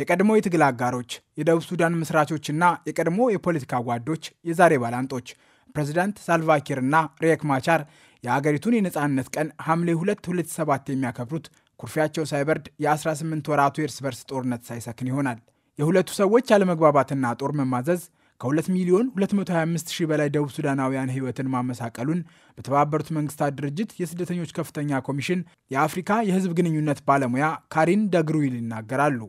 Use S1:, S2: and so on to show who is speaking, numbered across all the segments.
S1: የቀድሞ የትግል አጋሮች፣ የደቡብ ሱዳን መስራቾችና የቀድሞ የፖለቲካ ጓዶች፣ የዛሬ ባላንጦች ፕሬዚዳንት ሳልቫኪርና ሪየክ ማቻር የአገሪቱን የነፃነት ቀን ሐምሌ 2 2007 የሚያከብሩት ኩርፊያቸው ሳይበርድ የ18 ወራቱ የእርስ በርስ ጦርነት ሳይሰክን ይሆናል። የሁለቱ ሰዎች አለመግባባትና ጦር መማዘዝ ከ2 ሚሊዮን 225 ሺህ በላይ ደቡብ ሱዳናውያን ሕይወትን ማመሳቀሉን በተባበሩት መንግስታት ድርጅት የስደተኞች ከፍተኛ ኮሚሽን የአፍሪካ የህዝብ ግንኙነት ባለሙያ ካሪን ደግሩይል ይናገራሉ።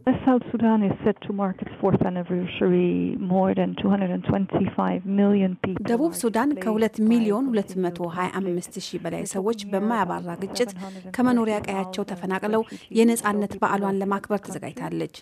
S2: ደቡብ ሱዳን ከ2 ሚሊዮን 225 ሺህ በላይ ሰዎች በማያባራ ግጭት ከመኖሪያ ቀያቸው ተፈናቅለው የነፃነት በዓሏን ለማክበር ተዘጋጅታለች።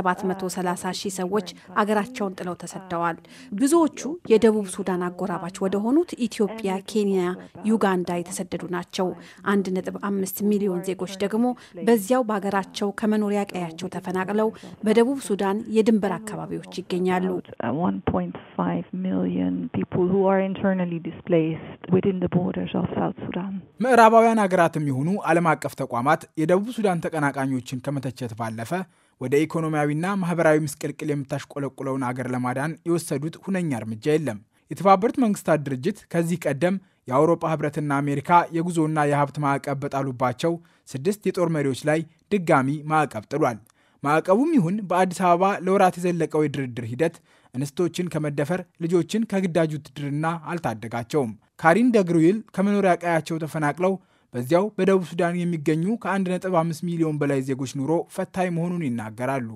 S2: 730 ሺህ ሰዎች አገራቸውን ጥለው ተሰደዋል። ብዙዎቹ የደቡብ ሱዳን አጎራባች ወደ ሆኑት ኢትዮጵያ፣ ኬንያ፣ ዩጋንዳ የተሰደዱ ናቸው። አንድ ነጥብ አምስት ሚሊዮን ዜጎች ደግሞ በዚያው በሀገራቸው ከመኖሪያ ቀያቸው ተፈናቅለው በደቡብ ሱዳን የድንበር
S3: አካባቢዎች ይገኛሉ።
S1: ምዕራባውያን ሀገራትም የሆኑ ዓለም አቀፍ ተቋማት የደቡብ ሱዳን ተቀናቃኞችን ከመተቸት ባለፈ ወደ ኢኮኖሚያዊና ማህበራዊ ምስቅልቅል የምታሽቆለቁለውን አገር ለማዳን የወሰዱት ሁነኛ እርምጃ የለም። የተባበሩት መንግስታት ድርጅት ከዚህ ቀደም የአውሮፓ ህብረትና አሜሪካ የጉዞና የሀብት ማዕቀብ በጣሉባቸው ስድስት የጦር መሪዎች ላይ ድጋሚ ማዕቀብ ጥሏል። ማዕቀቡም ይሁን በአዲስ አበባ ለወራት የዘለቀው የድርድር ሂደት እንስቶችን ከመደፈር ልጆችን ከግዳጅ ውትድርና አልታደጋቸውም። ካሪን ደግሩይል ከመኖሪያ ቀያቸው ተፈናቅለው በዚያው በደቡብ ሱዳን የሚገኙ ከ1.5 ሚሊዮን በላይ ዜጎች ኑሮ ፈታኝ መሆኑን ይናገራሉ።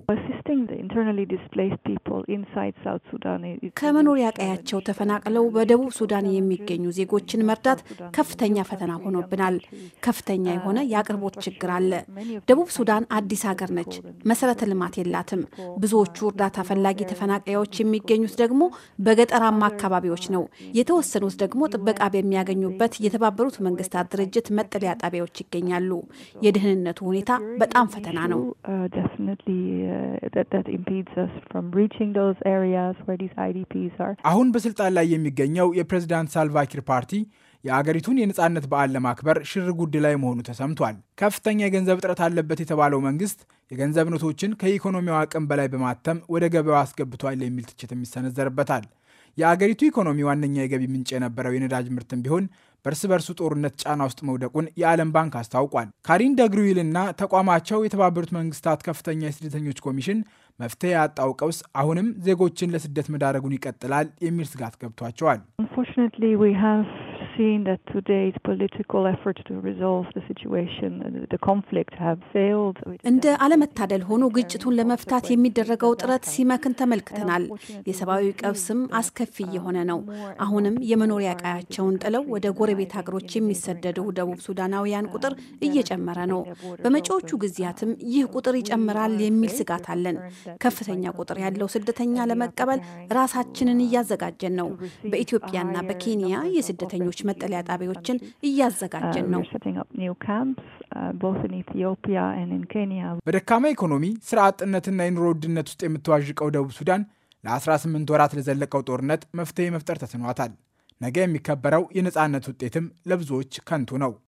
S3: ከመኖሪያ ቀያቸው ተፈናቅለው
S2: በደቡብ ሱዳን የሚገኙ ዜጎችን መርዳት ከፍተኛ ፈተና ሆኖብናል። ከፍተኛ የሆነ የአቅርቦት ችግር አለ። ደቡብ ሱዳን አዲስ ሀገር ነች። መሰረተ ልማት የላትም። ብዙዎቹ እርዳታ ፈላጊ ተፈናቃዮች የሚገኙት ደግሞ በገጠራማ አካባቢዎች ነው። የተወሰኑት ደግሞ ጥበቃ በሚያገኙበት የተባበሩት መንግስታት ድርጅት መጠለያ ጣቢያዎች ይገኛሉ። የደህንነቱ ሁኔታ በጣም ፈተና ነው።
S3: uh, that that impedes us from reaching those areas where these IDPs are.
S1: አሁን በስልጣን ላይ የሚገኘው የፕሬዝዳንት ሳልቫኪር ፓርቲ የአገሪቱን የነጻነት በዓል ለማክበር ሽር ጉድ ላይ መሆኑ ተሰምቷል። ከፍተኛ የገንዘብ እጥረት አለበት የተባለው መንግስት የገንዘብ ኖቶችን ከኢኮኖሚው አቅም በላይ በማተም ወደ ገበያው አስገብቷል የሚል ትችትም ይሰነዘርበታል። የአገሪቱ ኢኮኖሚ ዋነኛ የገቢ ምንጭ የነበረው የነዳጅ ምርትም ቢሆን በእርስ በርሱ ጦርነት ጫና ውስጥ መውደቁን የዓለም ባንክ አስታውቋል። ካሪን ደግሩዊልና ተቋማቸው የተባበሩት መንግስታት ከፍተኛ የስደተኞች ኮሚሽን መፍትሄ ያጣው ቀውስ አሁንም ዜጎችን ለስደት መዳረጉን ይቀጥላል የሚል ስጋት ገብቷቸዋል።
S3: seen that today's political efforts to resolve the situation, uh, the conflict have failed.
S2: እንደ አለመታደል ሆኖ ግጭቱን ለመፍታት የሚደረገው ጥረት ሲመክን ተመልክተናል። የሰብአዊ ቀውስም አስከፊ uh, እየሆነ ነው። አሁንም የመኖሪያ ቀያቸውን ጥለው ወደ ጎረቤት ሀገሮች የሚሰደዱ ደቡብ ሱዳናውያን ቁጥር እየጨመረ ነው። በመጪዎቹ ጊዜያትም ይህ ቁጥር ይጨምራል የሚል ስጋት አለን። ከፍተኛ ቁጥር ያለው ስደተኛ ለመቀበል ራሳችንን እያዘጋጀን ነው። በኢትዮጵያና በኬንያ የስደተኞች መጠለያ ጣቢያዎችን uh, እያዘጋጀን ነው።
S1: uh, በደካማ ኢኮኖሚ ስራ አጥነትና የኑሮ ውድነት ውስጥ የምትዋዥቀው ደቡብ ሱዳን ለ18 ወራት ለዘለቀው ጦርነት መፍትሄ መፍጠር ተስኗታል። ነገ የሚከበረው የነፃነት ውጤትም ለብዙዎች ከንቱ ነው።